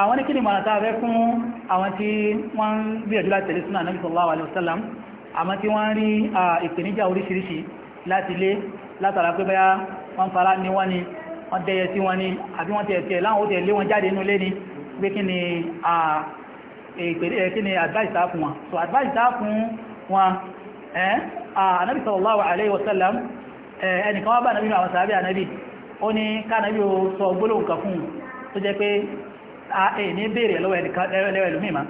àwọn ní kí ni mọ̀nà tàà fẹ́ fún àwọn tí wọ́n ń gbìyànjú láti tẹ̀lé súnà Ànábì sallallahu alaihi wasallam àmọ́ tí wọ́n rí ìpèníjà oríṣiríṣi láti lé látara pé báyá wọ́n fara ní wọ́n ni wọ́n dẹyẹ sí wọn ni àbí wọ́n tẹ̀ẹ̀tẹ̀ láwọn ó tẹ̀ lé jáde inú ni pé ni kí ni advice tàà so advice tàà fún wọn ẹ́ alaihi wasallam ẹnìkan wá bá Ànábì nínú àwọn sàábì Ànábì ó ní ká Ànábì Ah, eh, ní bèèrè lọ́wọ́ eh, ẹlòmíma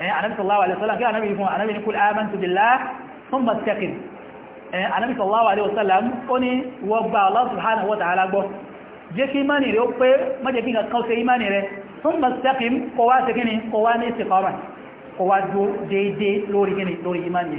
eh, Ànábì sallallahu alaihi wasallam kí Ànábì fún Ànábì ní kul amantu billahi thumma istaqim Ànábì sallallahu alaihi wasallam ó ní wọ́gbà Allah subhanahu wa ta'ala gbọ́ jẹ́ kí imani rẹ̀ ó pé mọ́jẹ́ kí nǹkan kọ́sẹ̀ imani rẹ̀ thumma istaqim kó wá sí kíni kó wá ní istiqama kó wá dó déédé lórí kíni lórí imani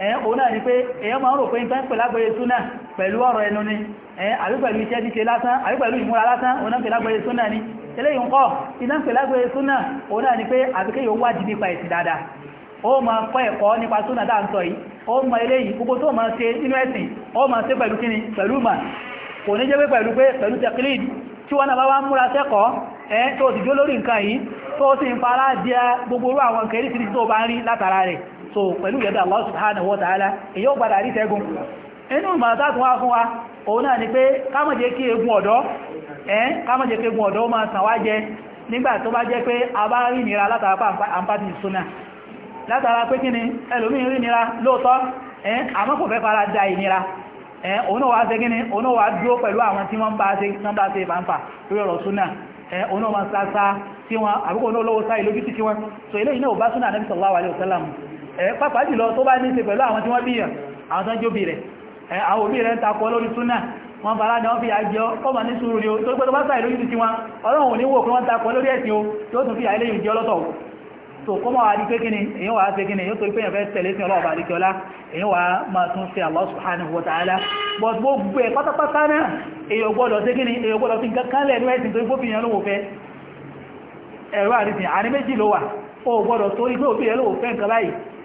ẹ̀yẹn eh, òun náà ni pé èyàn máa ń rò pé ń tán pè lágbàáyé súnà pẹ̀lú ọ̀rọ̀ ẹnu ni eh, àbí pẹ̀lú iṣẹ́ díṣe lásán àbí pẹ̀lú ìmúra lásán òun náà pè lágbàáyé súnà ni eléyìí ń kọ́ iná pè lágbàáyé súnà òun náà ni pé àbíkẹ́ yóò wádìí nípa ẹ̀sìn dáadáa ó máa kọ́ ẹ̀kọ́ nípa súnà dáa ń sọ yìí ó mọ eléyìí gbogbo tó máa ṣe nínú ẹ̀sìn ó máa ṣe pẹ̀lú kíni pẹ̀lú mà kò ní jẹ́ pé pẹ̀lú pé pẹ̀lú tẹ̀kílìd tí wọ́n náà bá so pẹ̀lú yẹ́dà Allah subhanahu wa ta'ala èyí ó padà rí tẹ́gùn inú ìmọ̀ta wá fún wa òun náà ni pé ká má jẹ́ kí egun ọ̀dọ́ ẹ́ ká má ma kí egun ọ̀dọ́ máa sàn wá jẹ nígbà tó bá jẹ́ pé a bá rí nira látara àǹfààní ìsúná látara pé kíni rí nira lóòtọ́ ẹ́ fẹ́ fara da ìnira òun wá ṣe kíni òun wá pẹ̀lú àwọn tí wọ́n bá lórí ọ̀rọ̀ súnà òun so ẹ̀ pàpàá jùlọ tó bá ní ṣe pẹ̀lú àwọn tí wọ́n bíyàn àwọn tó ń jóbi rẹ̀ àwọn òbí rẹ̀ ń takọ lórí súnà wọ́n bá ládá wọ́n fi àjọ ọmọ ní sùúrù ni ó tó gbọ́dọ̀ bá sáà lójú ti wọn ọlọ́run ní wò pé wọ́n takọ lórí ẹ̀sìn o tí ó tún fi àìlẹ́yìn jẹ́ ọlọ́tọ̀ tó kọ́ mọ́ àdí pékíní èyàn wà á pékíní wa but gbogbo ẹ̀ pátápátá náà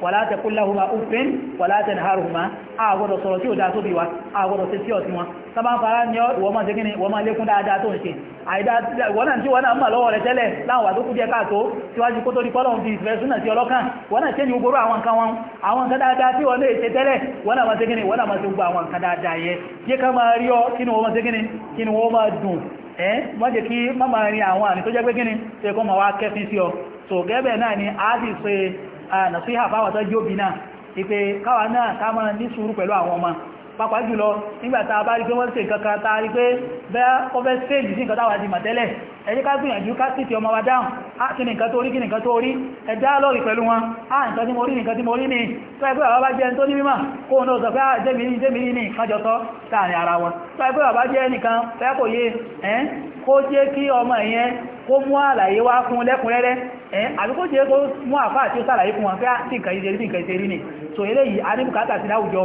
wàlá tẹkúnláhùmá òfin wàlá tẹnhárùmá àgbọ̀dọ̀ sọ̀rọ̀ tí ó dá tóbi wa àgbọ̀dọ̀ sí tí ọ̀tí wọn sábà fara ní wọ́n máa tẹ́kíní wọ́n máa lékún dáadáa tó ń ṣe wọ́n náà tí wọ́n náà mọ̀ lọ́wọ́ rẹ̀ tẹ́lẹ̀ láwọn wà tó kú jẹ́ káàtó síwájú kó tó di pọ́lọ̀ fi ìfẹ́ súnà sí ọlọ́kàn wọ́n náà tẹ́ni ogoro àwọn nǹkan wọn àwọn nǹkan dáadáa tí wọ́n lè ṣe tẹ́lẹ̀ wọ́n náà máa tẹ́kíní wọ́n náà máa tẹ́ gbogbo àwọn wá so gẹ́bẹ̀ náà ni a ti ṣe nàṣíhà fáwọn tó jóbi náà ìpè káwa náà ká máa ní sùúrù pẹ̀lú àwọn ọmọ pàápàá jùlọ nígbàtà bá rí pé wọ́n ṣe kankan ta rí pé bẹ́ẹ̀ ó fẹ́ stage sí nǹkan táwàá di màtẹ́lẹ̀ ẹ jẹ́ ká gbìyànjú ká sì ti ọmọ wa dáhùn á kí ni nǹkan tó rí kí ni nǹkan tó rí ẹ dá lọ́rì pẹ̀lú wọn á nǹkan tí mo rí nǹkan tí mo rí ni tó ẹgbẹ́ bàbá jẹ́ tó ní mímọ̀ kó náà sọ pé á jẹ́ mi ní jẹ́ mi ní ìkájọ sọ láàrin ara wọn tó ẹgbẹ́ bàbá jẹ́ nìkan fẹ́ kò yé ẹ́ kó jẹ́ kí ọmọ ìyẹn kó mú àlàyé wá fún lẹ́kùnrẹ́rẹ́ ẹ́ àbí kó jẹ́ kó mú àfáà tí ó sàlàyé fún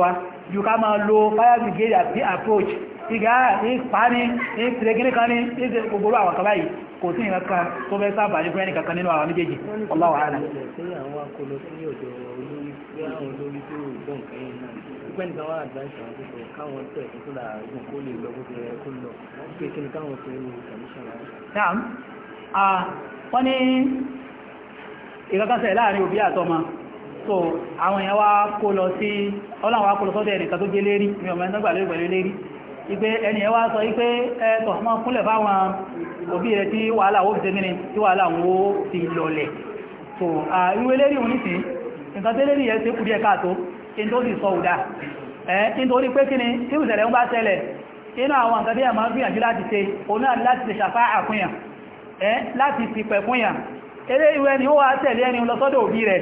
wọn ju ká máa lo fire brigade àti approach ìgá ìpáni ìsìlẹ̀gínlẹ̀ kan ní ìsẹ̀ gbogbo àwọn kan báyìí kò sí ìrìn kan tó fẹ́ sáàbà ní fúnẹ́nì kankan nínú àwọn méjèèjì ọláwà ààrẹ wọ́n ní ìgbàgbàsẹ̀ ah, láàrin òbí àtọmọ so àwọn èèyàn wá kó lọ sí ọlọ́run wá kó lọ sọ́dọ̀ ẹnìkan tó gé lérí mi ọmọ ẹni tọ́gbà lórí pẹ̀lú lérí ìpé ẹni wá sọ wípé ẹ̀tọ̀ mọ́ kúnlẹ̀ fáwọn òbí rẹ̀ tí wàhálà ó fi tẹ́mìnì tí wàhálà ó fi lọlẹ̀ so ìwé lérí òun nìsín nǹkan tẹ́lẹ̀ rí ẹ ṣe kù díẹ̀ káàtó in sọ òdà ẹ̀ nítorí pé kíni tí ìṣẹ̀lẹ̀ ń ìwé ni ó wá tẹ̀lé ẹni lọ sọ́dọ̀ òbí rẹ̀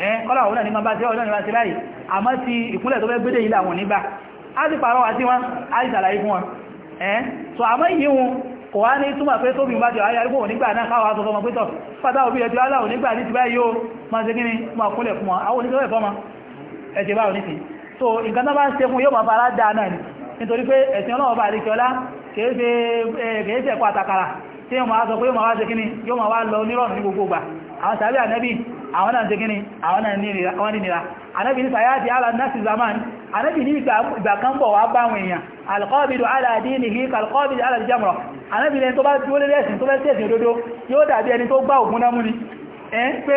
Eh, kọ́lá òun náà ni ma bá ṣe ọ̀nà ìwáṣẹ́ láyìí àmọ́ ti ìkúnlẹ̀ tó fẹ́ gbédé ilẹ̀ àwọn onígbà a ti pàrọwà sí wọn a ti sàlàyé fún wọn ẹ́n eh, so àmọ́ ìyíhun kò wá ní túnmà pé tóbi bá ti ọ̀há yarí gbóhùn nígbà náà káwàá sọ́sọ́ pẹ́tọ̀ pátá òbí ẹjọ́ aláwọ̀ nígbà ní ti báyìí yóò máa ṣe gíní máa kúnlẹ̀ fún wọn àwọn oníṣẹ́ ẹ̀fọ́ ma ẹ̀ṣẹ̀ bá òní sí so nǹkan tó bá ń ṣe fún yóò máa fara dáa náà nítorí pé ẹ̀sìn ọlọ́wọ́ bá àríkẹ́ ọlá kèéṣe eh, ẹ̀kọ́ àtàkàrà tí yóò máa sọ pé yóò máa wá ṣe kíní yóò máa wá lọ nírọ̀nù ní gbogbo gbà àwọn tàbí ànẹ́bí àwọn náà ṣe kíní àwọn náà nínira ànẹ́bí ní sàyáàtì ala nasi zaman ànẹ́bí ní ìgbà kan bọ̀ wá bá àwọn èèyàn alqabidu ala dinihi kalqabidu ala jamra ànẹ́bí ní tó bá dúró lé ẹ̀sìn tó bẹ́ sí ẹ̀sìn òdodo yóò dàbí ẹni tó gbá ògùn náà mú ni ẹn pé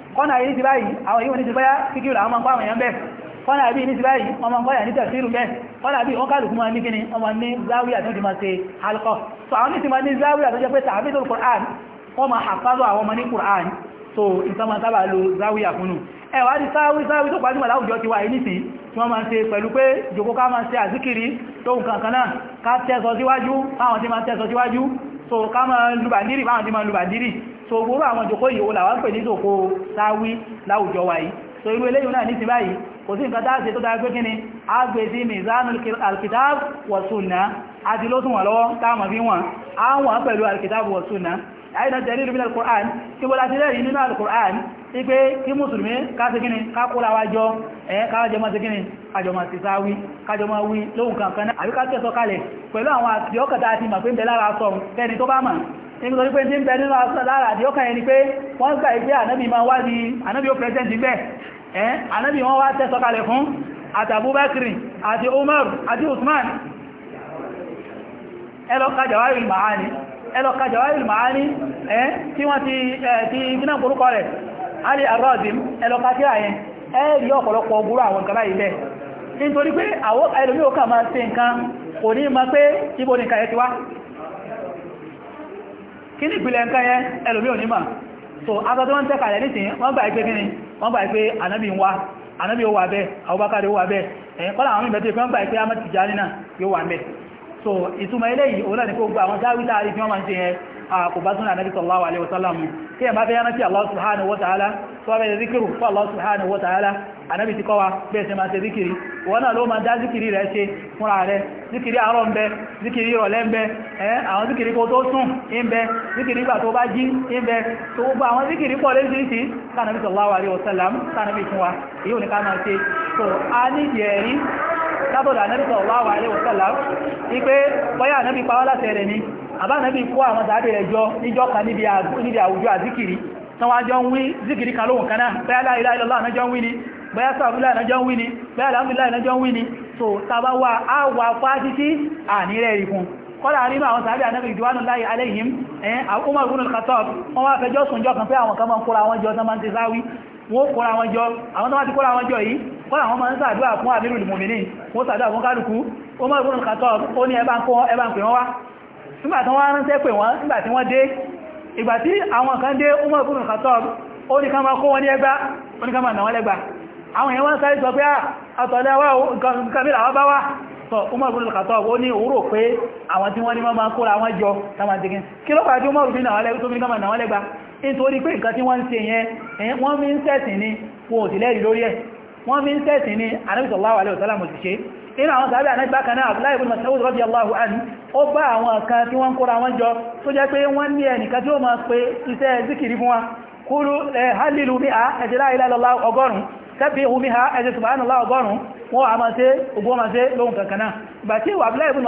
kọ́nà yìí ti báyìí àwọn yíò ní ti báyá kíkìrì àwọn ọmọ àwọn èèyàn bẹ́ẹ̀ kọ́nà bí ní ti báyìí ọmọ ọmọya ní tẹ̀síìrù bẹ́ẹ̀ kọ́nà bí wọ́n kàlùkù máa ní kíni ọmọ ní záwíyà tó ti máa ṣe halkọ́ so àwọn ní ní záwíyà tó jẹ́ pé tàbí tó Qur'an wọ́n máa hàfázọ́ àwọn Qur'an so nǹkan máa sábà lo záwíyà fúnnu ẹwà ti sáwí sáwí tó gbajúmọ̀ láwùjọ ti wà ní sí tí wọ́n máa ń ṣe pẹ̀lú pé jòkó ká máa ṣe àzíkiri tó nǹkan kan náà so ká máa lùbàndírì báwọn ti so gbogbo àwọn jòkó ìyòwò làwọn ń pè ní jòkó sáwí láwùjọ wa so irú eléyìí náà ní ti báyìí kò sí nǹkan dáàṣe tó dáa pé kíni a gbé sí mizanul alkitab wasuna, sunna àti ló tún wà lọ́wọ́ táàmà fi wọ́n a wọ́n pẹ̀lú alkitab wasuna, sunna àìdá jẹ́rí ìrìnlẹ̀ al-Qur'an kí wọ́n láti rẹ̀rí nínú al-Qur'an tí pé kí mùsùlùmí káṣe kíni kákúra wájọ́ ẹ̀ káwàjọ́mọ́ sí kíni àjọmọ̀ sí sáwí kájọmọ́ wí lóhun kankan náà àbíká tẹ́sọ kalẹ̀ pẹ̀lú àwọn àti ọkàtà àti màpínbẹ̀ lára sọ fẹ́ni tó bá mọ̀ nítorí pé tí ń bẹ nínú lára àdíọ́kàn ẹni pé wọ́n gbà ìgbé ànábì ma wá ní ànábì ó pẹ́sẹ̀ntì bẹ́ ẹ́ ànábì wọ́n wá tẹ́ sọ́kalẹ̀ fún àti Abubakri àti Umar àti Usman ẹlọ́ka Jawahirul Ma'ani ẹlọ́ka ẹ́ tí wọ́n ti Ali Ar-Razim ẹlọ́ka tí àyẹn ẹ́ẹ̀rí ọ̀pọ̀lọpọ̀ ogúrú àwọn nǹkan báyìí bẹ́ẹ̀ nítorí pé àwọn ẹlòmí ò kà máa ṣe kí ní ìpìlẹ̀ nǹkan yẹn ẹlòmí ò ní mà so aṣọ tí wọ́n ń tẹ́kàlẹ̀ nìsìn wọ́n gbà pé kíni wọ́n gbà pé ànábì ń wá ànábì ó wà bẹ́ẹ̀ àwọ́bákàrí ó wà bẹ́ẹ̀ ẹ̀yìn kọ́lá àwọn ìbẹ̀tẹ̀ fẹ́ ń gbà pé a mọ́ ti já nínà yóò wà mẹ́ so ìtumọ̀ eléyìí òun náà ni kó gbà àwọn jáwítà àrífíwọ́n máa ń ṣe yẹn kò bá súnà nàbí sallallahu alaihi wasallam tí ẹ bá fẹ́ rántí Allah subhanahu wa ta'ala tó bẹ̀rẹ̀ zikiru fún Allah subhanahu wa ta'ala anábi ti kọwa bẹ́ẹ̀ ṣe máa ṣe zikiri wọ́n náà ló máa dá zikiri rẹ̀ ṣe fúnra rẹ̀ zikiri àárọ̀ ń bẹ zikiri ìrọ̀lẹ́ ń bẹ àwọn zikiri kó tó sùn ń bẹ zikiri ìgbà tó bá jí ń bẹ tó gbogbo látọ̀dọ̀ ànábì sallallahu alaihi wasallam wípé bọ́yá ànábì pawá láti ẹ̀rẹ̀ ni àbá ànábì kó àwọn sàábì rẹ̀ jọ níjọ́ kan níbi àwùjọ àzíkìrì tán wá jọ ń wí zíkìrì kan lóhùn kaná bẹ́ẹ̀ la ilaha illallah náà jọ ń wí ni bẹ́ẹ̀ sàbílá ìnájọ́ ń wí ni bẹ́ẹ̀ alhamdulillah ìnájọ́ ń wí ni so tàbá wà á wà fáá títí ànírẹ̀ ìrìkún kọ́lá nínú àwọn sàábí ànábì ìdíwánù láyé aléhìm ẹ̀yìn Umar ibn al wọ́n wá fẹjọ́ sùn kan pé àwọn kan máa ń wọn jọ tán máa ń tẹ́sáwí wọ́n kóra wọn jọ kọ́lá wọn máa ń sàdúrà fún àmìrù ìmòmìnì wọ́n sàdúrà fún kálùkú ó mọ́ ìgbónà kàtọ́ ó ní ẹbá ń kọ́ ẹbá ń pè wọ́n wá nígbà tí wọ́n ránṣẹ́ pè wọ́n nígbà tí wọ́n dé ìgbà tí àwọn kan dé ó mọ́ ìgbónà kàtọ́ ó ní ká máa kó wọn ní ẹgbá ó ní ká máa nà wọ́n lẹ́gbà àwọn èèyàn wọ́n sáré sọ pé àtọ̀lẹ́wà kàmílà wọ́n bá wá sọ Umar bin al-Khattab ó ní òwúrò pé àwọn tí wọ́n ní máa kóra wọn jọ tàbí àjíkín kí ló pàájú Umar bin al-Khattab nítorí pé nǹkan tí wọ́n ń ṣe yẹn wọ́n mi ń sẹ́sìn ni wọn ò sí lẹ́rìí lórí ẹ̀ wọ́n fi ń tẹ́sìn ní Ànábì sallallahu alaihi wasallam ti ṣe inú àwọn sàábẹ̀ ànábì bákan náà Abdullahi ibn Mas'ud radiyallahu anhu ó bá àwọn kan tí wọ́n kóra wọn jọ tó jẹ́ pé wọ́n ní ẹnìkan tí ó máa pe iṣẹ́ zikiri fún wa kúrú eh, halilu bí a ẹ̀jẹ̀ la ilaha illallah ọgọ́rùn-ún tẹ́bí ihu bí a ẹ̀jẹ̀ subhanallah ọgọ́rùn-ún wọ́n a máa ṣe ogun máa ṣe lóhun kankan wọn Abdullahi ibn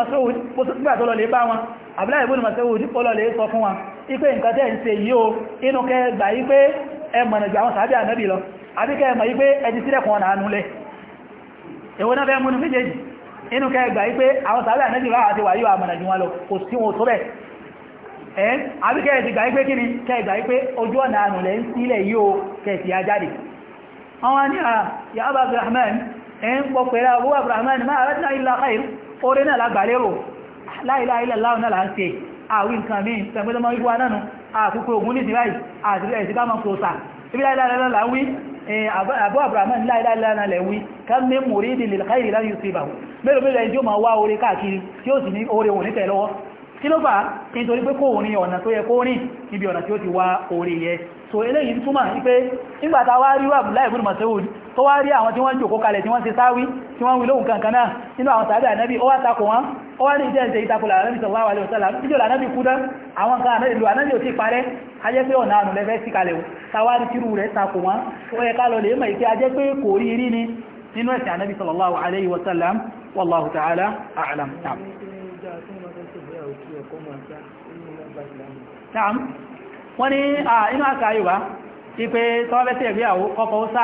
Mas'ud sọ fún wa ipe nǹkan tẹ́ ń ṣe yìí inú kẹ gbà yí pé ẹmọ̀nà jù àwọn sàábí ànábì lọ àbíkẹ́ ẹmọ̀ yí pé ẹjì sílẹ̀kùn ọ̀nà àánú lẹ̀ èwo náà fẹ́ múnú méjèèjì inú kẹgbà yí pé àwọn sàábí ànábì rá àti wàyíwà àmọ̀nà wọn lọ kò sí wọn tó bẹ̀ ẹ́ àbíkẹ́ àkókò ogun nísìn báyìí àti ẹ̀sì ká mọ́ kòsà ibi láìláìlá wí àbọ́ àbúrámọ́ ní láìláìlá lẹ̀ wí ká mé mòrí ìdìlẹ̀ káyìí láyé sí ìbàwó mẹ́rọ mẹ́rọ ẹni tí ó máa wá orí tó wá rí àwọn tí wọ́n jòkó kalẹ̀ tí wọ́n ṣe sáwí tí wọ́n wí lóhun kankan náà nínú àwọn tàbí ànábì ó wá takò wọn ó wá ní ìjẹ́ ìṣe ìtakùlà ànábì sallallahu alaihi wasallam níjọ́ ànábì kú dán àwọn kan ànábì lò ànábì ò ti parẹ́ ajẹ́ pé ọ̀nà ànù lẹ́fẹ́ sí kalẹ̀ tawárí tírú rẹ̀ takò wọn ni inú àkàyè wá ti pé tọ́wọ́fẹ́sẹ̀ ìgbéyàwó kọ́kọ́ ó sá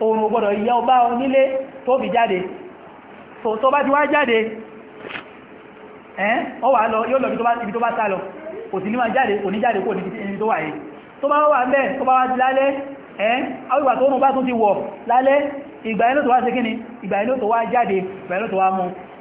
oòrùn gbọ́dọ̀ yẹ ọba onílé tó fi jáde tó bá ti wá jáde ẹ́n ọ wà lọ yóò lọ ibi tó bá sá lọ kò sí ní máa jáde kò ní jáde kò ní ibi tó wà yìí tó bá wà mẹ́ tó bá wá ti lálẹ́ ẹ́n àwíwà tó rùn bá tún ti wọ̀ lálẹ́ ìgbà ẹ̀lọ́ tó wá jáde ìgbà ẹ̀lọ́ tó wá mú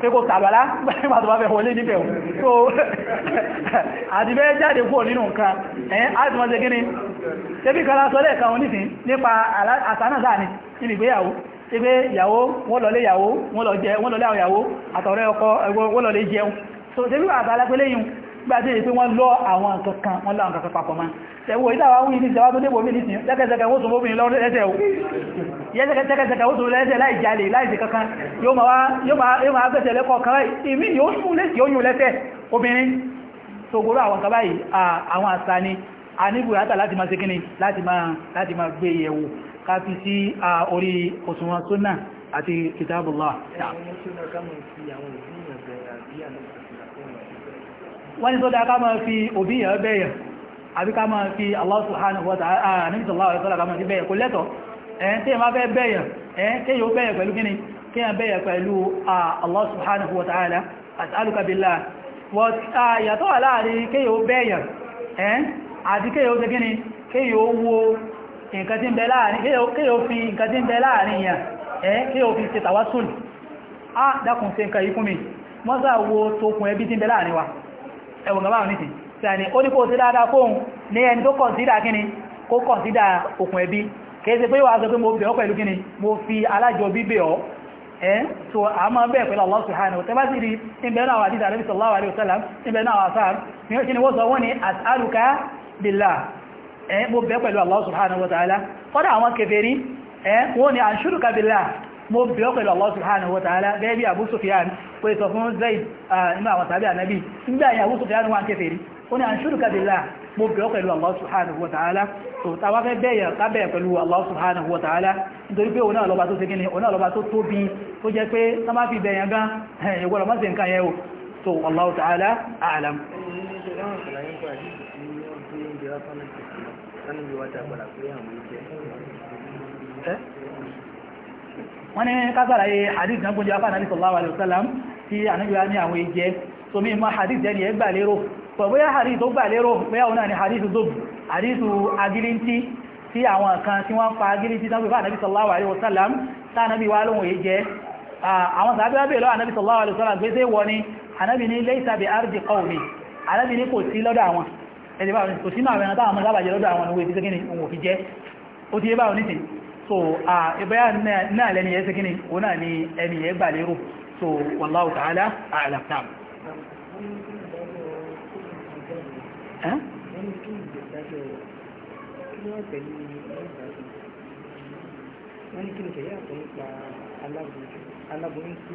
pé kò sàlọ́lá gbẹ́gbà tó bá fẹ́ wọlé níbẹ̀ so àti bẹ́ẹ̀ jáde kúrò nínú nǹkan ẹ̀yẹn àti wọ́n ṣe gíní tẹ́bí kan lásọ lẹ́ẹ̀kan wọn nìsín nípa àsánàsáà ni nínú ìgbéyàwó tí pé ìyàwó wọ́n lọ lé ìyàwó wọ́n lọ lé àwọn ìyàwó àtọ̀rẹ́ ọkọ wọ́n lọ lé jẹun so tẹ́bí àtàlápẹ́lẹ́yìn gbájé ìpé wọ́n lọ àwọn nǹkan kan wọ́n láwọn kankan papọ̀ máa tẹ̀wọ̀ ìdáwà wí ní ìjọba tó débò mí nìsìn lẹ́kẹ̀ẹ́sẹ̀kẹ̀ wọ́n tún mọ́ obìnrin lọ́rọ̀ lẹ́sẹ̀ lẹ́sẹ̀kẹ̀ẹ́sẹ̀kẹ̀ wọ́n tún lẹ́sẹ̀ láì jalè láì sí kankan yóò máa gbẹ̀sẹ̀ lẹ́kọ̀ọ́ kan ìmí yóò sún lẹ́sẹ̀ yóò yún lẹ́sẹ̀ obìnrin tó gbóró àwọn kan báyìí àwọn àṣà ni a ní bùrátà láti máa ṣe kíni láti máa gbé yẹ̀wò ká fi sí orí òṣùwọ̀n sunnah àti kitabullah wọ́n ni tó dá ká máa fi òbí yẹ̀ bẹ́yẹ̀ àbí ká máa fi Allah subhanahu wa ta'ala ní ìtàlá ọ̀rẹ́ tọ́lá ká máa fi bẹ́yẹ̀ kò lẹ́tọ̀ ẹ̀yìn tí ma fẹ́ bẹ́yẹ̀ ẹ̀yìn tí yóò bẹ́yẹ̀ pẹ̀lú kíni kí a bẹ́yẹ̀ pẹ̀lú ah, Allah subhanahu wa ta'ala as'aluka billah ah, yàtọ̀ láàrin kí yóò bẹ́yẹ̀ ẹ̀yìn àti kí yóò kíni kí yóò wo nǹkan tí ń bẹ láàrin kí yóò fi nǹkan tí ń ẹwọ̀n gaba wọn nìtì sani ó ní kó sí dáadáa fóun ní ẹni tó kọ̀nsídà kíni kó kọ̀nsídà okùn ẹbí kìí ṣe pé wà sọ pé mo bẹ̀ ọ́ pẹ̀lú kíni mo fi alájọ bí bẹ̀ ọ́ ẹ́ so a máa bẹ̀ pẹ̀lú Allah subhanahu tẹ́ bá sì rí ìbẹ̀ náà wà dídà Nabi sallallahu alaihi wasallam ìbẹ̀ náà wà sáà ní ó ṣe ni wọ́n sọ wọ́n ni as'aluka billah ẹ́ mo bẹ̀ pé sọ fún zaid nínú àwọn tàbí ànábì nígbà yẹn àwùsùn fẹ́ràn wà ń kẹfẹ́ rí ó ní àṣírùkà billah mo bẹ̀rọ pẹ̀lú Allah subhanahu wa ta'ala so tàwà fẹ́ bẹ̀yẹ̀ kábẹ̀yẹ̀ pẹ̀lú Allah subhanahu wa ta'ala nítorí pé òun àlọ́bà tó ṣe gíní òun àlọ́bà tó tóbi tó jẹ́ pé sábà fi bẹ̀yẹ̀ gan ẹ̀yẹ̀gbọ́n mọ́sí nǹkan yẹ́ o so Allah ta'ala a'lam wọ́n ní kásàlàyé hadith náà gbójú apá nàbí sallallahu alaihi wasallam tí ànábíwá ní àwọn ìjẹ́ so mi ma hadith jẹ́ ni ẹ gbà lérò pọ̀ bóyá hadith tó gbà lérò bóyá òun náà ni hadith zob hadith agilinti tí àwọn kan tí wọ́n fa agilinti tán pẹ̀fà ànábí sallallahu alaihi wasallam tá ànábí wá lóhun ìjẹ́ àwọn sàábí wábẹ̀ lọ ànábí sallallahu alaihi wasallam gbé wọ ni ànábí ní laysa bi ardi qawmi ànábí ní kò sí lọ́dọ̀ àwọn ẹ̀dẹ̀ bá kò sínú àwọn ẹ̀nà táwọn ọmọ sábàjẹ́ lọ́dọ̀ náà lẹ́ni ẹ̀ sí kíni náà ni ẹni ẹ̀ lérò so wallahu ta'ala a'lam tam wọ́n ní kí ni kẹ̀yà tó ń pa aláboyún aláboyún tí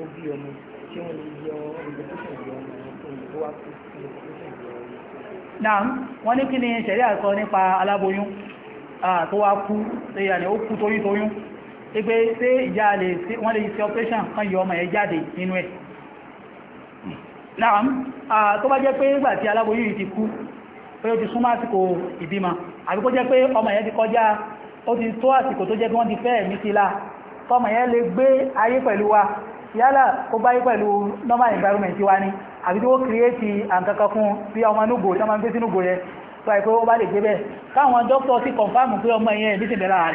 ó bí ọmọ ṣé wọ́n lè yọ ìgbésẹ̀ yọ ọmọ òyìnbó wá kú ìgbésẹ̀ yọ ọmọ. náà wọ́n ní kí ni ṣẹ̀ríà sọ nípa aláboyún ah, tó wá kú ṣe yà ní ó kú toyúntoyún pé ṣé ìjà lè sí wọ́n lè ṣe operation kan yọ ọmọ ẹ jáde nínú ẹ̀ náà tó bá jẹ́ pé ìgbà tí aláboyún yìí ti kú pé ó ti súnmọ́ àsìkò ìbímọ àbí kó jẹ́ pé ọmọ yẹn ti kọjá ó ti tó àsìkò tó jẹ́ pé wọ́n ti fẹ́ ẹ̀mí sí la tọmọ yẹn lè gbé ayé pẹ̀lú wa yálà kó báyé pẹ̀lú normal environment wa ni àbí tí ó kírètì àǹkankan fún bí ọmọ inúgbò tí wọ́n máa ń gbé sínú gbò yẹn tó àìpé ó bá lè gbé bẹ́ẹ̀ káwọn dókítà sì kọ̀ǹfàmù pé ọmọ yẹn ní ìbẹ̀rẹ̀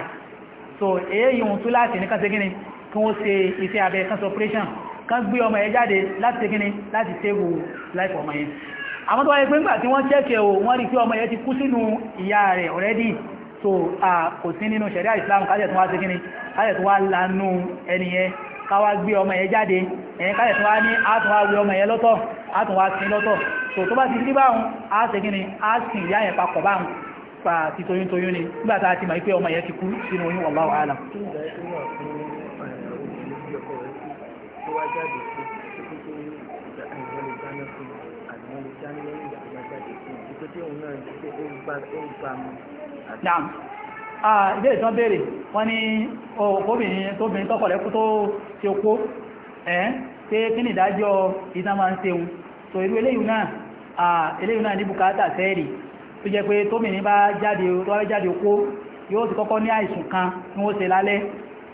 so èyí ohun tó láti ní kánṣe gíní kí wọ́n ṣe iṣẹ́ abẹ kánṣe operation kán gbé ọmọ ẹ jáde láti ṣe gíní láti save life ọmọ yẹn àwọn tó wáyé pé ńgbà tí wọ́n ṣẹ́kẹ̀ o wọ́n rí pé ọmọ yẹn ti kú sínú ìyá rẹ̀ already so kò sí nínú ṣẹ̀ríà Islam kájẹ̀ tó wá ṣe gíní kájẹ̀ tó wá lanú ẹni yẹn káwá gbé ọmọ yẹn jáde ẹ̀yìn kájẹ̀ tó wá ní àtúnwá wé ọmọ yẹn lọ́tọ̀ so tó bá ti rí báhùn á ṣe gíní á sì ìyá fa ti toyúntoyún ni nígbàtà ti ma ipé ọmọ yẹn ti kú sínú oyún wallahu alam Naam. Ah, ilé ìtàn béèrè, wọ́n ní òkóbìnrin tó bìnrin tọ́kọ̀lẹ́kú tó ṣe okó, ẹ́ pé kí ni ìdájọ́ ìtàn máa ń ṣeun. So, irú eléyìí náà, eléyìí náà ní Bukata fẹ́ẹ̀rì tó jẹ́ pé tómìnì bá jáde tó wáyé jáde kó yóò ti kọ́kọ́ ní àìsùn kan ní wọ́n ṣe lálẹ́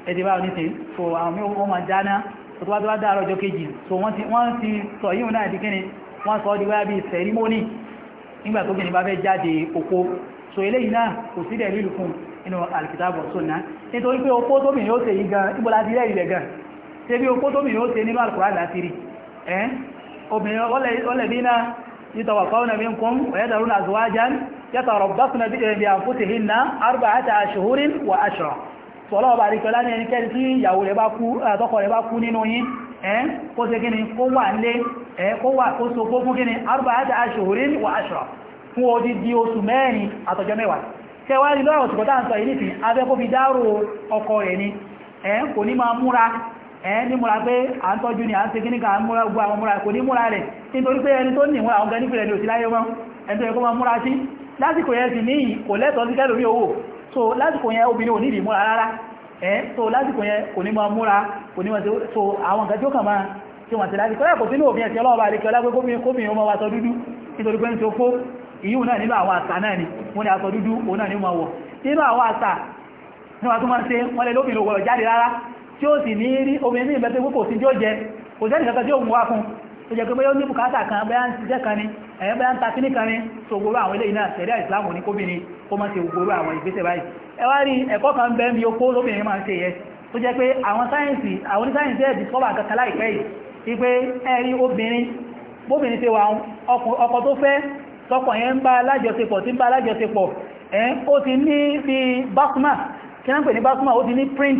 ẹ̀dẹ̀ bá ní tèmi so àwọn mí wọ́n dáná tó tó wá tó wá kejì so wọ́n ti wọ́n ti sọ yíò náà di kíni wọ́n sọ di wáyà bíi sẹ̀rímónì nígbà tó bìnrin bá fẹ́ jáde okó so eléyìí náà kò sí dẹ̀rí ìlú fún inú alkitabu sunna nítorí pé okó tómìnì ó ṣe yìí gan ibo láti rẹ́ ilẹ̀ gan ṣe bí okó tómìnì ó ṣe nínú alkùrá láti rí ẹ́ obìnrin ọlẹ́bí náà يتوفون منكم ويذرون أزواجا يتربصن بأنفسهن أربعة أشهر وأشرة sọ́lọ́ ọba àríkọlá ní ẹnikẹ́ni tí ìyàwó rẹ̀ bá kú àtọ́kọ̀ rẹ̀ bá kú nínú yín ẹ́n kó se gíní kó wà nílé ẹ́ kó wà kó so fún gíní arba'ata ashhurin wa ashra fún odidi oṣù mẹ́rin àtọjọ́ mẹ́wàá tẹwàá ní lọ́rọ̀ ẹ̀ ní múra pé à ń tọ́jú ni à ń ṣe kíníkà ń múra gbogbo àwọn múra kò ní múra rẹ̀ nítorí pé ẹni tó ní ìwọ̀n àwọn gẹ́nífìlẹ̀ ní òsìláyé wọn ẹni tó yẹ kó máa múra sí lásìkò yẹn sì níyì kò lẹ́tọ̀ọ́ sí kẹ́lómi owó so lásìkò yẹn obìnrin ò ní ìdí múra rárá ẹ̀ so lásìkò yẹn kò ní máa múra kò ní máa so àwọn nǹkan tí ó kàn máa tí wọ́n ti láti kọ́lá kò sínú òfin ẹ̀sìn ọlọ́ọ̀bá àríkẹ́ ọlágbé gómìnà ọmọ wa sọ dúdú nítorí pé ń tó fó ìyíhùn náà nínú àwọn àṣà náà ni wọ́n ni aṣọ dúdú òun náà ni ó máa wọ̀ nínú tí ó sì ní rí obìnrin ìbẹ̀tẹ̀ púpọ̀ sí tí ó jẹ kò jẹ́ nìkan tí ó mú wá fún tó jẹ́ pé bóyá ó ní bùkátà kan bóyá ń ṣiṣẹ́ kan ni ẹ̀yẹ́ bóyá ń ta kíní kan ni tó gbogbo àwọn eléyìí náà ṣẹ̀ríà ìsìláàmù ní kóbìnrin kó má ṣe gbogbo àwọn ìgbésẹ̀ báyìí ẹ wá rí ẹ̀kọ́ kan bẹ́ẹ̀ bí okó lóbìnrin máa ń ṣe yẹ tó jẹ́ pé àwọn sáyẹ̀nsì àwọn onísáyẹ̀nsì ẹ̀ discover kankan láìpẹ́ yìí ti pé ẹ̀rí obìnrin bóbìnrin ṣe wà ọkọ tó fẹ́ tọkọ yẹn ń bá alájọṣepọ̀ tí ń bá alájọṣepọ̀ ẹ̀ ó ti ní fi basma kí wọ́n pè ní basma ó ti ní print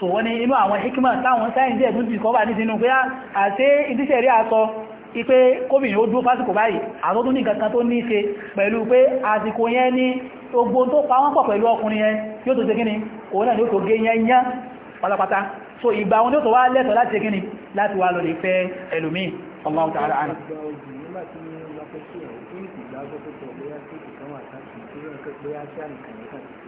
so wọ́n ní inú àwọn hikima táwọn sáyẹ̀nsì ẹ̀dùn ti kọ́ bá ní sínú pé àti ìdíṣẹ̀rí àtọ ipé kóbìnrin ó dúró fásitì báyìí àtọ́tún ní kankan tó ní ṣe pẹ̀lú pé àsìkò yẹn ní gbogbo tó pa wọ́n pọ̀ pẹ̀lú ọkùnrin yẹn yóò tó ṣe kíni òun náà yóò tó gé yẹn yán pátápátá so ìgbà wọn yóò tó wá lẹ́tọ̀ láti ṣe kíni láti wá lọ lè fẹ́ ẹlòmíì Allahu ta'ala ánì bóyá sí ànìkàn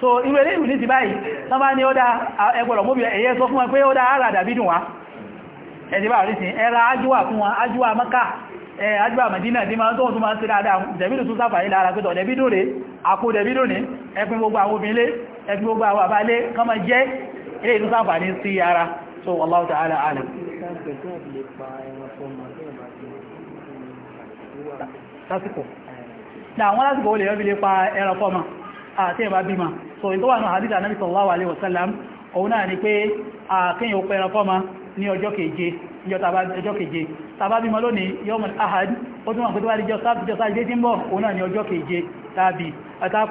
so iwe ilé ìwé ní ti báyìí tán bá ní ó dá ẹgbọ̀rọ̀ mọ́bí ẹ̀yẹ sọ fún wọn pé ó dá ara dàbí wá ẹ̀dí bá ẹra ajúwà fún wọn ajúwà Mẹ́kà ajúwà Mẹ́dínà tí máa tó máa ń sí dáadáa dẹ̀bídù tún sáfàyí lára pẹ́tọ̀ dẹ̀bídù rẹ̀ gbogbo àwọn gbogbo ara so ta'ala àti ah, ẹ̀bá bímọ so in tó wà náà hadith anábi sallallahu alaihi wasallam òun náà ni pé àkíyàn ah, ó pẹran fọ́mọ ní ọjọ́ keje ọjọ́ keje tàbá bímọ lónìí yọmọ ahad ó túnmọ̀ pé tó wà ní jọ sáàdé ni ọjọ́ keje tàbí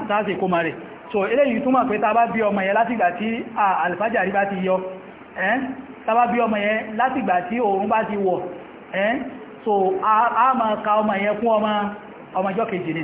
tàbí kó ma rẹ̀ so eléyìí túnmọ̀ pé tàbá bí ọmọ yẹn látìgbà tí alfajari ah, bá ti yọ tàbá bí ọmọ yẹn látìgbà tí òun bá ti so a máa ka ọmọ yẹn fún ọmọ ọjọ́ keje ni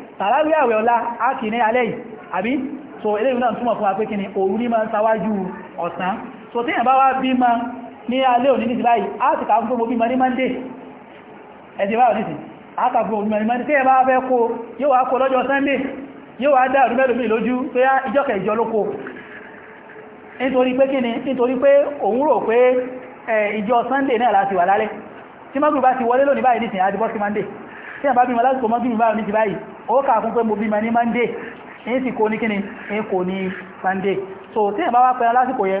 tàràwí àwẹ̀ ọlá á kì ní alẹ́ yìí àbí so eléyìí náà túnmọ̀ fún wa pé kí ni òru ní máa ń sáwájú ọ̀sán so tí èyàn bá wá bí ma ní alẹ́ òní ní ti báyìí á sì kàfún gbogbo bí ma ní monday ẹ̀sìn báwọn nìsìn á kàfún gbogbo bí ma ní tí èyàn bá fẹ́ kó yóò wá kó lọ́jọ́ sunday yóò wá dá òru mẹ́lòmí lójú pé ah, ìjọ kẹjọ ló ni nítorí pé òun rò pé tí a bá bímọ lásìkò mọ́ bímọ báyìí ti báyìí ó kà fún pé mo bímọ ní monday ní sì kò ní kíni ní kò ní monday so tí a bá wá pẹran lásìkò yẹ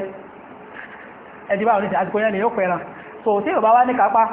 ẹ̀dí báyìí àsìkò yẹn ni yóò pẹran so tí a bá wá ní kápá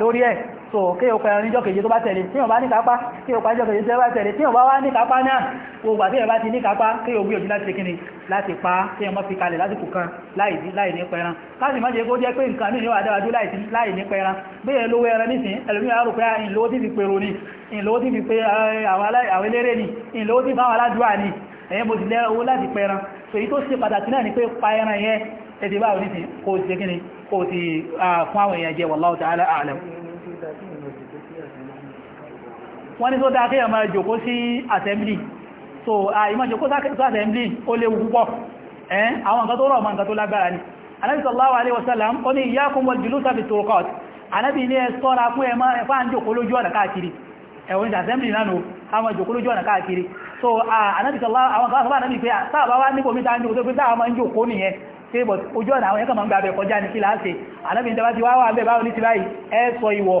lórí ẹ̀ so kí o pẹ̀rẹ̀ níjọ́ kejì tó bá tẹ̀lé tí o bá ní kápá kí o pa níjọ́ kejì tó bá tẹ̀lé tí o bá wá ní kápá náà gbogbo àti ẹ̀bá ti ní kápá kí o gbìyànjú láti kíni láti pa kí o mọ́ fi kalẹ̀ lásìkò kan láì ní pẹran káàsì má jẹ́ kó jẹ́ pé nǹkan mìíràn àdáwájú láì ní pẹran bí ẹ lówó ẹran nísìn ẹlòmíràn rò pé ah, ìlówó tí fi pèrò ni ìlówó tí fi pe eh, àwọn eléré ni ìlówó tí fáwọn aládùúà ni ẹ̀yẹ́ mo ti lẹ́ owó láti pẹran so èyí tó ṣe pàtàkì ni pé pa ẹran yẹn ẹ̀dẹ̀ báwo nísìn kò sí kíni kò sí ah, fún ta'ala a'lam wọ́n ní tó dáa kéèyàn máa jòkó sí assembly so àìmọ̀ jòkó sí assembly ó léwu púpọ̀ ẹ́n àwọn nǹkan tó rọ̀ mọ́ nǹkan tó lágbára ni anábi sallallahu alaihi wasallam ó ní iyyakum wal julusa fi turuqat anábi ní ẹ ṣọ́ra fún ẹmọ́ ẹfà ń jòkó lójú ọ̀nà káàkiri ẹ̀wọ̀n ní assembly nánú àwọn jòkó lójú ọ̀nà káàkiri so anábi sallallahu àwọn kan sọ́bà anábi pé sáàbá wá nípò mítà ń jòkó tó pé táwọn máa ń jòkó nìyẹn pé bọ̀ ojú ọ̀nà àwọn ẹ̀kọ́ máa ń gbà bẹ̀ kọjá ní kí láàṣẹ anábi ní tẹ́wàá ti wá wà bẹ́ẹ̀ báwọn ní ti báyìí ẹ sọ ìwọ̀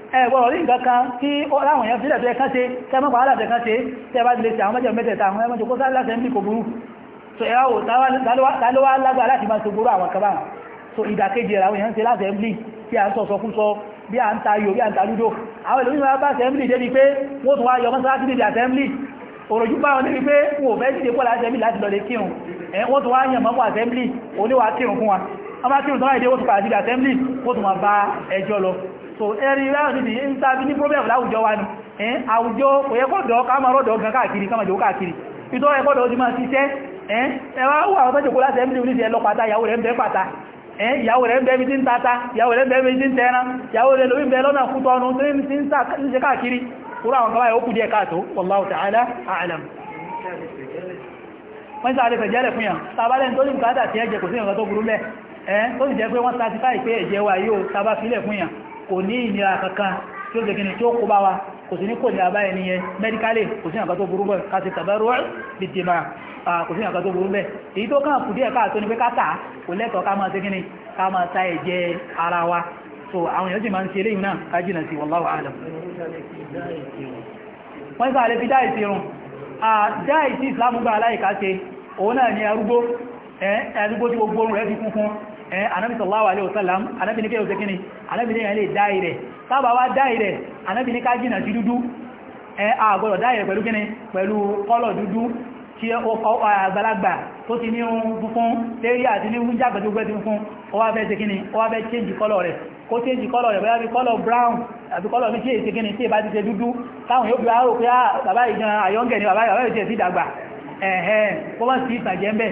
ẹgbọ́rọ̀ rí nǹkan kan kí láwọn èèyàn sílẹ̀ tó ẹ kán ṣe kẹmọ́pàá aláàbẹ̀ kán ṣe tẹ́ bá dilẹ̀ sí àwọn mẹ́jọ mẹ́tẹ̀ẹ̀ta àwọn ẹmọ́jọ kó sáré láti ẹ̀mí kò burú so ẹ̀rọ tàlówà lágbà láti máa ṣogoro àwọn kaba so ìdàkejì ẹ̀rọ èèyàn ṣe láti ẹ̀mí bí a ń sọ sọkún sọ bí a ń ta yò bí a ń ta lúdó àwọn ìlú ìwọ̀n bá ṣẹ̀mí débi pé wọ́n tún wá yọ mọ́sálásí débi àṣẹ́mí òròjú bá wọn débi pé wọ́n fẹ́ dìde pọ́lá àṣẹ́mí láti lọ lè kírun ẹ̀ wọ́n tún wá yàn mọ́pọ̀ àṣẹ́mí oníwà kírun fún wa wọ́n so ẹ̀rí láwọn níbi ń tàbí ní problem láwùjọ wa ní àwùjọ kò yẹ kọ́dọ̀ káàmàrọ́dọ̀ gan káàkiri káàmàjò káàkiri ìtọ́ ẹ̀kọ́dọ̀ ti máa ṣiṣẹ́ ẹwà wà àwọn tọ́jọ̀kó láti ẹ̀mí oníṣẹ́ lọ́pàá ìyàwó rẹ̀ ń bẹ́ pàtà ìyàwó rẹ̀ ń bẹ́ mi tí ń tata ìyàwó rẹ̀ ń bẹ́ mi tí ń tẹ́ran ìyàwó rẹ̀ lórí ń bẹ́ lọ́nà kútọ́ ọ̀nà tó ń ṣe káàkiri kúrò àwọn kọwàá ìwókù díẹ̀ káàtó wallahu ta'ala a'lam wọ́n sáré fẹ̀jẹ́lẹ̀ fún yàn tàbálẹ̀ tó ní bùkátà tí ẹjẹ kò sí ìrìnkan tó burú mẹ́ ẹ́ tó sì jẹ́ pé wọ́n sátifáì pé ẹ̀jẹ̀ wà yóò tàbá fílẹ̀ fún yàn kò ní ìnira kankan tí ó jẹ́kíní tí ó kó bá wa kò sí ní kò ní medikali ẹni yẹn mẹ́díkálì kò sí àkàtó burú bẹ́ẹ̀ ká tàbárò dìde kò sí àkàtó burú bẹ́ẹ̀ èyí tó kàn fún díẹ̀ káàtó ni pé káta kò lẹ́tọ̀ọ́ ká máa wa so àwọn èèyàn sì máa ń ṣe eléyìí náà ká jìnà sí anábi sallallahu alaihi wasallam anábi ní kí o ṣe kíni anábi ní ẹ̀lẹ́ dáìrẹ̀ sábà wá dáìrẹ̀ anábi ní ká jìnà sí dúdú àgbọ̀dọ̀ dáìrẹ̀ pẹ̀lú kíni pẹ̀lú kọ́lọ̀ dúdú tí ó kọ́ àgbàlagbà tó ti ní ohun funfun lérí àti ní oúnjẹ àgbàjúgbẹ́ ti fún ó wá fẹ́ ṣe kíni ó wá fẹ́ change kọ́lọ̀ rẹ̀ kó change kọ́lọ̀ rẹ̀ bóyá bí kọ́lọ̀ brown àti kọ́lọ̀ mi tí èsì kíni tí èbá ti ṣe dúdú táwọn a bí wá rò pé ah, bàbá ìjọ àyọ́ngẹ̀ ni bàbá ìjọ ti dàgbà ẹ̀hẹ́ kó wọ́n sì ìtàjẹ́ ń bẹ̀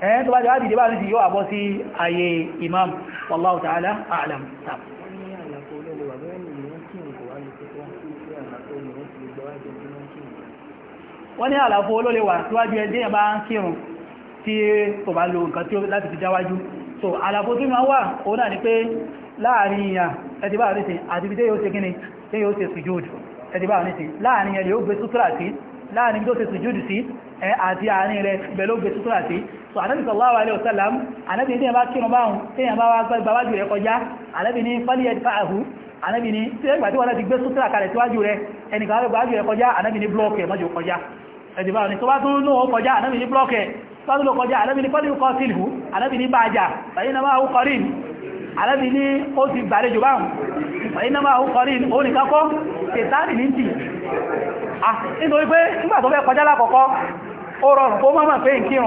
ẹ̀yẹn eh, tó bá jẹ́ wádìí débà nítorí yóò àbọ́ sí ayé imam wallahu ta'ala a'lam wọ́n ní àlàfo olóòlè wà síwájú ẹgbẹ́ yẹn bá ń kírun tí kò bá lo nǹkan tí ó láti fi jáwájú so àlàfo tí ma wà ó náà ni pé láàrin ìyàn ẹ̀tìbá àrísìn àti ibi tí yóò ṣe kíni tí yóò ṣe sùjúdù ẹ̀tìbá so anabi sallallahu alaihi wasallam anabi ní ẹ̀bá kírun báhùn tí ẹ̀bá wá gbá ìbáwájú rẹ̀ kọjá anabi ní fáliyẹ̀ fáàhù anabi ní tí ẹgbà tí wọ́n ti gbé sútúrà kalẹ̀ síwájú rẹ̀ ẹnìkan wá gbájú rẹ̀ kọjá anabi ní blọ́ọ̀kì ẹ̀mọ́jọ kọjá ẹ̀dìbà ní tó bá tún lóò kọjá anabi ní blọ́ọ̀kì tó bá tún lóò kọjá anabi ní fọ́lì kọ́ sílù anabi ní bàjá bàyí na máa kọrí anabi ní ó ti gbàlejò báhùn bàyí na máa kọrí ó nìkan kọ́ tètàrí ní tì pé nígbà tó fẹ́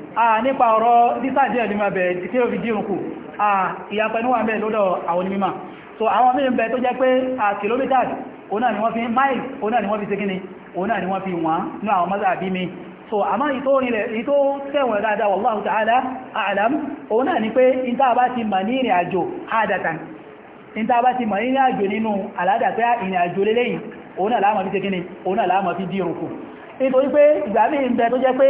Ah, nípa ọ̀rọ̀ dísàdíẹ̀ ní mẹ́bẹ̀ tí kí o fi dírùn kù ah, ìyàpẹ̀núwà mẹ́ lọ́dọ̀ àwọn onímọ̀ so àwọn mẹ́rin bẹ tó jẹ́ pé a ah, kìlómítàs òun ni wọ́n fi mile ni wọ́n fi tegini ni wọ́n fi wọ́n ní àwọn mọ́sá àbí mi so àmá ìtó rílẹ̀ ìtó tẹ́wọ̀n dáadáa ta'ala a'lam òun ni pé ìta bá ti mà ní ìrìn àjò àdàtàn ìta bá ti mà ní ìrìn àjò nínú aládàpẹ́ ìrìn àjò lélẹ́yìn òun náà láàmà fi tegini òun náà láàmà tó jẹ́ pé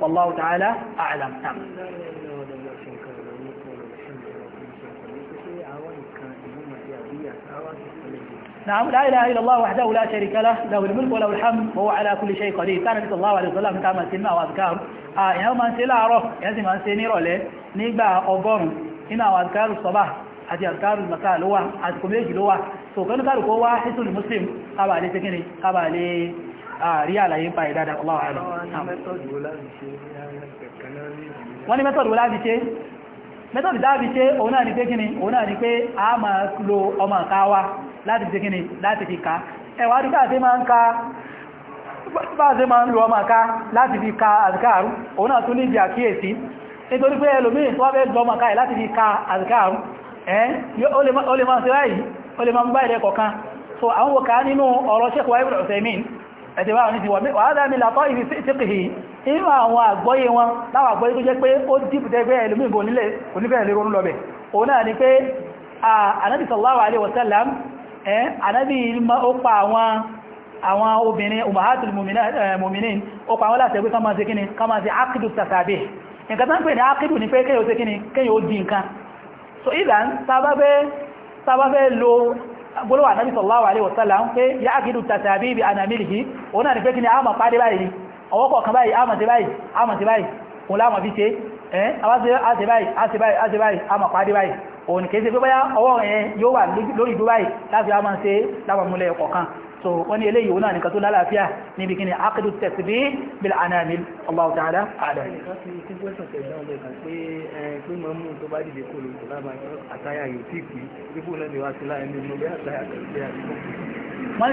wallahu ta'ala a'lam náà. نعم لا إله إلا الله وحده لا شريك له له الملك وله الحمد وهو على كل شيء قدير كان صلى الله عليه وسلم تعمل سنة وأذكار ìyàwó máa ń ṣe láàárọ̀ ìyàwó máa ń ṣe nírọ̀lẹ́ nígbà ọgọ́rùn nínú àwọn àdìkárù sọ́bà àti àdìkárù màkà ló wà àsìkò méjì ló wà so kẹ́lùkárù kó wá hìsùn muslim kábàlé tẹ́kìnrin kábàlé àrí àlàyé ń pa ìdádá ọlọ́wọ́ àrùn wọ́n ní mẹ́tọ̀dù wọ́n láti ṣe mẹ́tọ̀dù dáàbí ṣe òun náà ni pé kíni òun náà ni pé a máa lo ọmọ káwá láti ṣe kíni láti fi ká ẹwà rí káàtí máa ń ká báàṣe máa lo ọmọ ká láti fi ká àzikáàrù òun náà tún ní ìdí àkíyèsí nítorí pé ẹlòmíì tó wá fẹ́ lo ọmọ ká láti fi ká àzikáàrù ẹ́ ó lè máa ń ṣe báyìí ó lè máa ń bá ìrẹ́kọ̀ọ́ kan so àwọn wòkà nínú ọ̀rọ̀ ṣẹ́kọ̀ọ́ ibùdó ọ̀sẹ̀ ẹ̀tẹ̀wà àwọn ìdíwọ̀ wàhálà mi làtọ́ ìfi síkìhì inú àwọn àgbọ́yé wọn láwọn àgbọ́yé tó jẹ́ pé ó dìbùtẹ́ pé ẹlùmí ìbò nílẹ̀ onífẹ́ ìlérò ń lọ́bẹ̀ òun náà ni pé ànábì sallallahu alaihi wasallam ànábì ó pa àwọn obìnrin umahatul mu'minin ó pa wọ́n láti ẹgbẹ́ kọ́mọ̀ sí kíni kọ́mọ̀ sí ákìdù tàtàbí nǹkan tán pè ní ákìdù ní pé kéyò sí kíni kéyò di nǹkan so ìdán sábábẹ́ lo gbólówà Ànábì sallallahu alaihi wasallam ń pé yá àkídù tàtàbí ibi ànàmìlìhì òun náà ni pé kí ni a máa pàdé báyìí ọwọ́ kọ̀ọ̀kan báyìí a máa ti báyìí a máa ti báyìí òun láàmà fi ṣe ẹ́ a ti báyìí a ti báyìí a ti báyìí a máa pàdé báyìí òun kìí ṣe pé bóyá ọwọ́ rẹ̀ yóò wà lórí ìdúró báyìí láti wá máa ṣe lábàmúlẹ̀ kọ̀ọ̀kan so wọ́n ní eléyìí náà nìkan tó lálàáfíà níbi kí ni akidu tẹ̀sibí bil anamil Allahu ta'ala àdá. wọ́n ní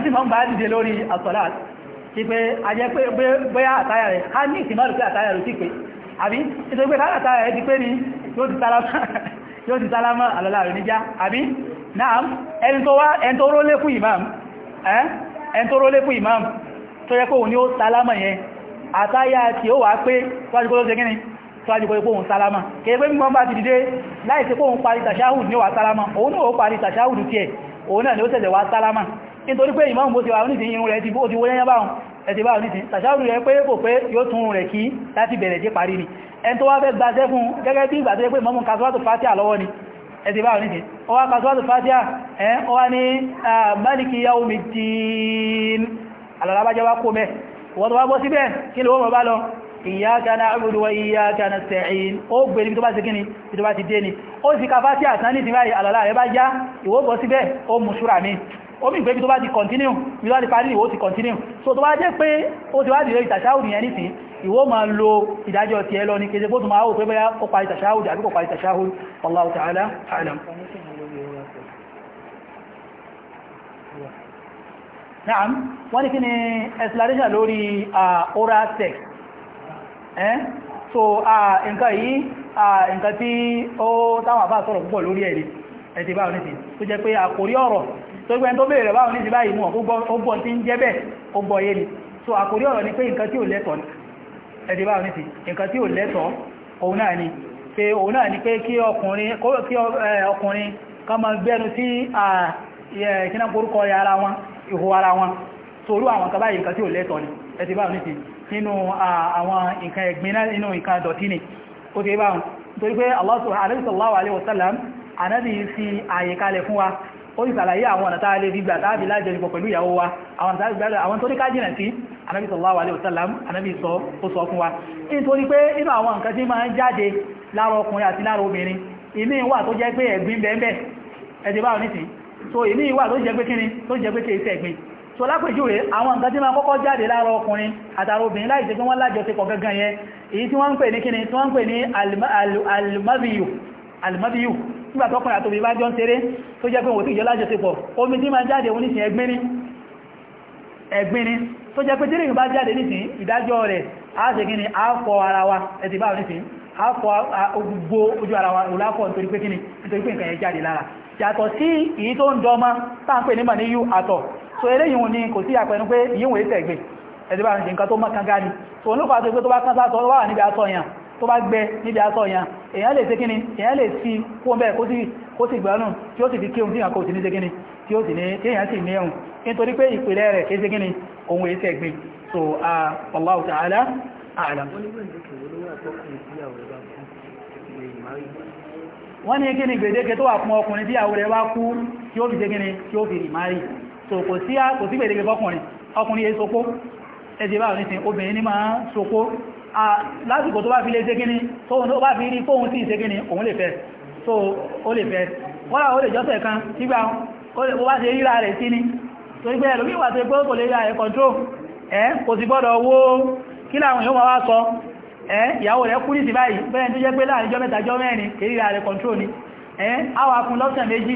tí wọ́n bá dìde lórí àtọ́lá ti pé ajẹ́ pé bóyá àtàyà rẹ̀ ká ní ìtìmọ́lù pé àtàyà rẹ̀ ti pé àbí nítorí pé káàkiri àtàyà rẹ̀ ti pé ni yóò ti sálámà àlọ́lá rẹ̀ ẹn tó rólé fún imam tó yẹ kóhun ní ó sálámà yẹn àtáyà tí ó wà pé tọ́júkó ṣe gíní tọ́júkó ló kóhun sálámà bá ti dìde láì sí kóhun parí tàṣáhùd ní wà sálámà òun náà ó parí tàṣáhùd ti ẹ̀ òun náà ni ó tẹ̀lẹ̀ wà salama. nítorí pé imam bó ti wà oníṣẹ́ irun rẹ̀ ti wó yẹn báhùn ẹ̀tì báhùn ẹ̀sì báwọn nìsí ó wá kasuwatu fatiha ẹ̀ ó wá ní maliki yaomi dín alàlábájá wá kó mẹ́ wọ́n tó wá bọ́ síbẹ̀ kí lówó mọ̀ bá lọ iyyaka na'budu wa iyyaka nasta'in ó gbé níbi tó bá ti kíni bí tó bá ti dé ni omi ìgbé bí tó bá ti continue bí tó parí ìwò ti continue so tó bá jẹ́ pé ó ti wá dìrẹ́ ìtàṣáwùdì yẹn nìsín ìwọ lo ìdájọ́ ti ẹ lọ ní kéde bó máa wò pé bóyá ó parí ìtàṣáwùdì àbí parí ìtàṣáwùdì Allahu ẹ̀tì bá oníṣì, tó jẹ́ pé àkórí ọ̀rọ̀ tó gbẹ́ tó bèèrè báwọn níṣẹ́ báyìí mú ọgbọ́n tí ń jẹ́ bẹ́ẹ̀ ó gbọ́ yé ni so àkórí ọ̀rọ̀ ni pé nǹkan tí ò lẹ́tọ̀ọ́ ẹ̀dẹ̀ báwọn níṣẹ́ nǹkan tí ò lẹ́tọ̀ọ́ òun náà ni pé òun náà ni pé kí ọkùnrin ká máa gbẹ́nu sí ìkíná korúkọ ara wọn ìhò ara wọn torú àwọn nǹkan báyìí nǹkan tí ò lẹ́tọ̀ọ́ ni ẹ̀dẹ̀ báwọn níṣẹ́ nínú àwọn nǹkan ẹ̀gbin náà kalẹ̀ fún wa ó sì sàlàyé àwọn ọ̀nà táà lè fi gbà táàbí lájẹjùpọ̀ pẹ̀lú ìyàwó wa àwọn tàbí gbà àwọn tó ní ká jìnà sí anábì sallallahu alaihi wasallam anábì sọ ó sọ fún wa nítorí pé inú àwọn nǹkan tí máa ń jáde lára so ìmí wà tó jẹ́ pé kíni tó jẹ́ so lápèjúwe àwọn nǹkan tí máa kọ́kọ́ jáde lára ọkùnrin àtàrà obìnrin láì jẹ́ pé wọ́n lájọṣepọ̀ gangan yẹn èyí tí wọ́n ń pè ní kíni tí wọ́n ń pè nígbà tó kùnrin àtòbí bá jọ ń ṣeré tó jẹ́ pé wọ́n ti jọ lájọsepọ̀ omi tí máa jáde òun nísìn ẹgbẹ́ni ẹgbẹ́ni tó jẹ́ pé tí lèyìn bá jáde nísìn ìdájọ́ rẹ̀ á ṣe kí ni a fọ ara wa ẹ̀sìn báwọn nísìn a fọ gbogbo ojú ara wa òláfọ̀ nítorí pé kí ni nítorí pé nǹkan yẹn jáde lára yàtọ̀ sí èyí tó ń dọmọ táǹpẹ̀ nímọ̀ ní yú àtọ̀ so eléyìí ni kò sí àpẹnu pé yíwọ̀n ètẹ̀gbẹ̀ ẹ̀sìn báwọn nǹkan tó mọ́ kan gáni so olóòpàá tó gbé tó bá kán sátọ̀ wà níbi àtọ̀ yàn tó bá gbẹ níbi aṣọ yẹn èyàn lè ṣe kíni èyàn lè fi kó bẹ́ẹ̀ kó sì gbẹ̀rún tí ó sì fi kí ohun tí ìyàn kò sí ní ṣe kíni tí ó sì ní tí èyàn sì ní ẹ̀hùn nítorí pé ìpìlẹ̀ rẹ̀ kéṣe kíni ohun èyí tẹ̀gbìn so Allahu ta'ala a'lam wọ́n ní kí ni gbèdéke tó wà fún ọkùnrin tí àwọ̀ rẹ̀ wá kú tí ó fi ṣe gíní tí ó fi rì máa rí so kò sí gbèdéke fọ́kùnrin ọkùnrin yẹ sopó ẹ̀dẹ̀ bá ní sin obìnrin ní máa sopó lásìkò tó bá fi lè ṣe kíní tó bá fi rí fóhun tí ṣe kíní òun lè fẹ́ so ó lè fẹ́ wọ́n ó lè jọ́sẹ̀ kan sígbà ó bá ṣe ríra rẹ̀ sí ní tó ní pé ẹlòmí wà tó pé ó kò lè ríra rẹ̀ kọ̀ntró ẹ́ kò sì gbọ́dọ̀ wó kí láwọn yóò wá sọ ẹ́ ìyàwó rẹ̀ kú ní sí báyìí bẹ́ẹ̀ tó jẹ́ pé láàrin jọ́ mẹ́ta jọ́ mẹ́rin kì ríra rẹ̀ kọ̀ntró ni ẹ́ àwọn akun lọ́sẹ̀ méjì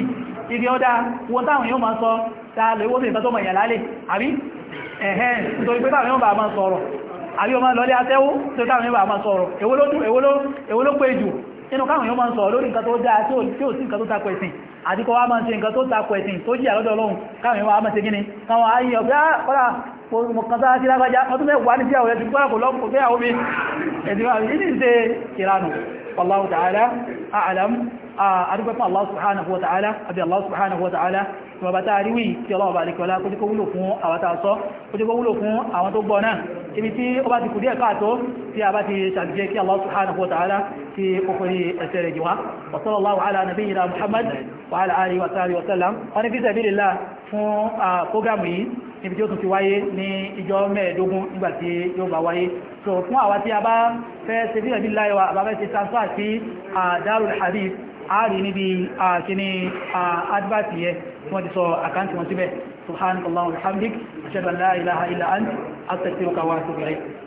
ibi ọ́dá wo táwọn yóò máa sọ ta lè wó sí nǹkan tó mọ̀ ìyàlálẹ̀ àbí ẹ̀hẹ́ nítorí pé táwọn yóò àbí ọmọ lọlé atẹ́wó tí ó táwọn ìbá máa sọ̀rọ̀ èwo ló pé jù nínú káwọn yóò máa sọ̀rọ̀ lórí nǹkan tó dáa tí ó sí nǹkan tó takò ẹ̀sìn àti kọwa máa ṣe nǹkan tó takò ẹ̀sìn tó jìyà lọ́dọ̀ Ọlọ́run káwọn yóò máa ṣe gíní káwọn ayé ọgbẹ́ ah, kọ́lá mọ̀kànlá sí lágbàjá ọdún mẹ́wàá ní sí àwọn ẹ̀sùn pẹ́lá kò lọ́pọ̀ sí àwọn omi ẹ̀sùn àwọn ìdí ṣe kìránù wallahu ta'ala a'lam àdúgbẹ́fún Allah subhanahu wa ta'ala àbí Allah subhanahu wa ta'ala tí wọ́n bá táa rí wí tí ọlọ́wọ́ bá lèkọ́lá kó tí kó wúlò fún àwátà sọ kó tí kó wúlò fún àwọn tó gbọ́ náà ibi tí ó bá ti kù díẹ̀ káàtó tí a bá ti ṣàbíjẹ́ kí Allah subhanahu wa ta'ala kí kòkòrí ẹ̀sẹ̀ rẹ̀ jìwá wa sallallahu ala nabiyyina Muhammad wa ala alihi wọ́n ni fi sabilillah fún programu yìí níbi tí ó tún ti wáyé ní ìjọ mẹ́ẹ̀ẹ́dógún nígbàtí yóò bá wáyé so fún àwa tí a bá fẹ́ ṣe bí ẹ̀bí láìwá àbáfẹ́ ṣe transfer sí Darul Hadith àárín níbi kíní advert yẹ tí wọ́n ti sọ àkáǹtì wọn síbẹ̀